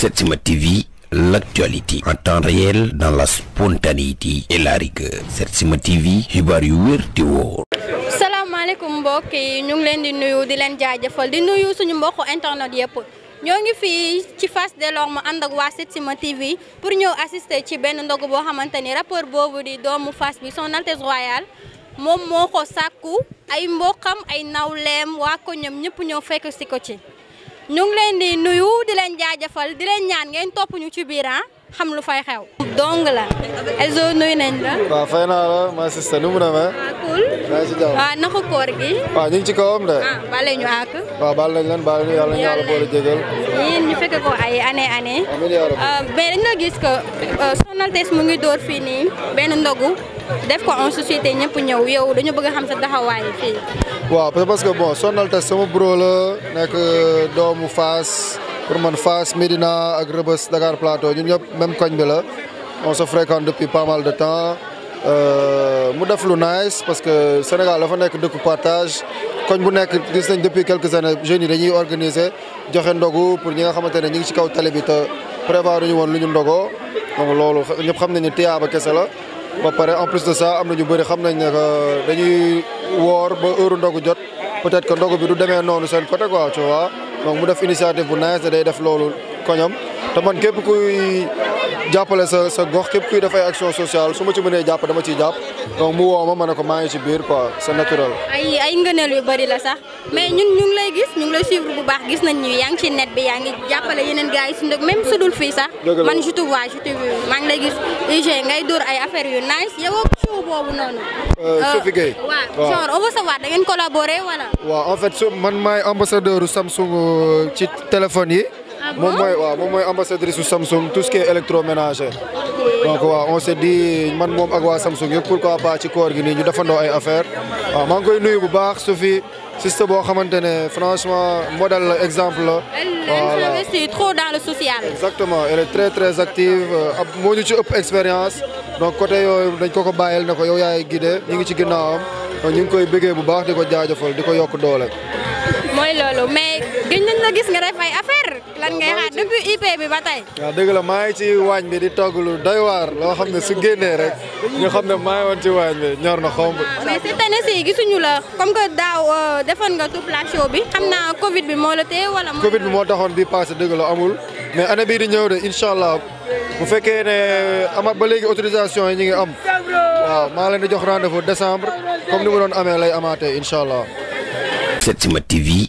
Setsima TV l'actualité en temps réel dans la spontanéité et la rigueur Setsima TV xibaar yu wér te wóor salaamaaleykum mbokk yi ñu ngi leen di nuyu di leen jaajëfal di nuyu suñu mbokku internet yëpp ñoo ngi fi ci Fass Delorme ànd ak waa si Setsima TV pour ñëw assister ci benn ndogu boo xamante ni rappeur boobu di doomu Fass bi son Altesse Royale moom moo ko sàkku ay mbokkam ay nawleem waa ko ñoom ñëpp ñoo fekk si ko ci ñu ngi leen di nuyu di leen jaajëfal di leen ñaan ngeen topp ñu ci biir ah, xam lu fay xew. dong la. Elzo nuyu nañ la. waaw fay naa la ma sista nu mu demee. waaw ah, cool. maa ngi si ah, koor gi. waaw ñu ngi ci kawam de. bale ñu àkk. waaw baal nañ leen baal ñu yàlla ñu yàlla boole jégal. ñu fekk ko ay année année. amiin dañu la gis que euh, Sonaltes mu ngi door fii nii benn ndogu. def ko en société ñëpp ñëw yow dañu bëgg xam sa taxawaay fii. waaw parce que bon Sonaltech sama bro la nekk euh, doomu Fass pour man Fass Médina ak Rebeuss Dakar Plateau ñu ñëpp même koñ bi la on se fréquente depuis pas mal de temps euh, mu def lu nice parce que Sénégal dafa nekk dëkku partage koñ bu nekk gis nañ depuis quelques années jeunes yi dañuy organiser joxe ndogu pour ñi nga xamante ne ñi ngi ci kaw tali bi te prévoir ñu woon lu ñu ndogoo donc loolu ñëpp xam nañu ne tiyaaba kese la. ba pare en plus de ça am na ñu bëri xam nañ ne dañuy woor ba heure ndogu jot peut-être que ndogu bi du demee noonu seen côté quoi tu vois donc mu def initiative bu nice day def loolu. koñam te man képp kuy jàppale sa sa gox képp kuy def action sociale su ma ci mënee jàpp dama ciy jàpp donc mu woo ma ma ne ko maa ngi ci biir quoi sa naturel. ay ay ngëneel yu bëri la sax mais ñun ñu ngi lay gis ñu ngi lay suivre bu baax gis nañ yaa ngi ci net bi yaa ngi jàppale yeneen gars yi si ndëg même sudul fii sax. man je te vois je maa ngi lay gis UG ngay dóor ay affaires yu nice yow ak boobu noonu. Euh, euh, Sophie Gueye waaw genre au collaborer wala. waaw euh, ci téléphone yi. Ah moom mooy waaw moom mooy ambassadrice su Samsung tout ce qui est électroménager donc waaw on s'est man moom ak waa Samsung yëpp pourquoi pas koor gi nii ñu defandoo ay affaire waaw maa ngi koy nuyu bu baax Sophie sister boo xamante ne franchement modèle exemple la. voilà elle investit trop dans le social. exactement euh, ci ëpp expérience donc côté yooyu dañ ko ko bàyyil na ko yow yaay guidé ñu ngi ci ginnaawam donc ñu ngi koy bëggee bu baax di ko jaajëfal di ko yokk doole. depuis IP bi ba tey. waaw dëgg la maa ngi ci waañ bi di togg lu doy waar loo xam ne su génnee rek ñu xam ne maa ngi woon ci waañ bi ñor na xomb. mais cette année ci gisuñu la comme que daaw euh, defoon nga tout plat show bi xam naa Covid bi moo la téye wala. bi moo taxoon bi passé dëgg la amul mais année bii di ñëw de incha allah bu fekkee ne ama ba léegi autorisation yi ñu ngi am waaw maa leen di jox rendez-vous décembre comme ni mu doon amee lay amaatee incha allah. Setsima TV.